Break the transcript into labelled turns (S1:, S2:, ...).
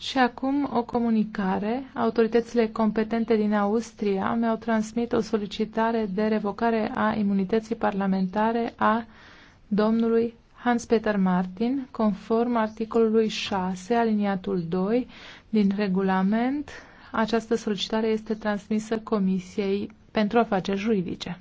S1: Și acum o comunicare. Autoritățile competente din Austria mi-au transmit o solicitare de revocare a imunității parlamentare a domnului Hans-Peter Martin, conform articolului 6, aliniatul 2 din regulament. Această solicitare este transmisă Comisiei pentru afaceri juridice.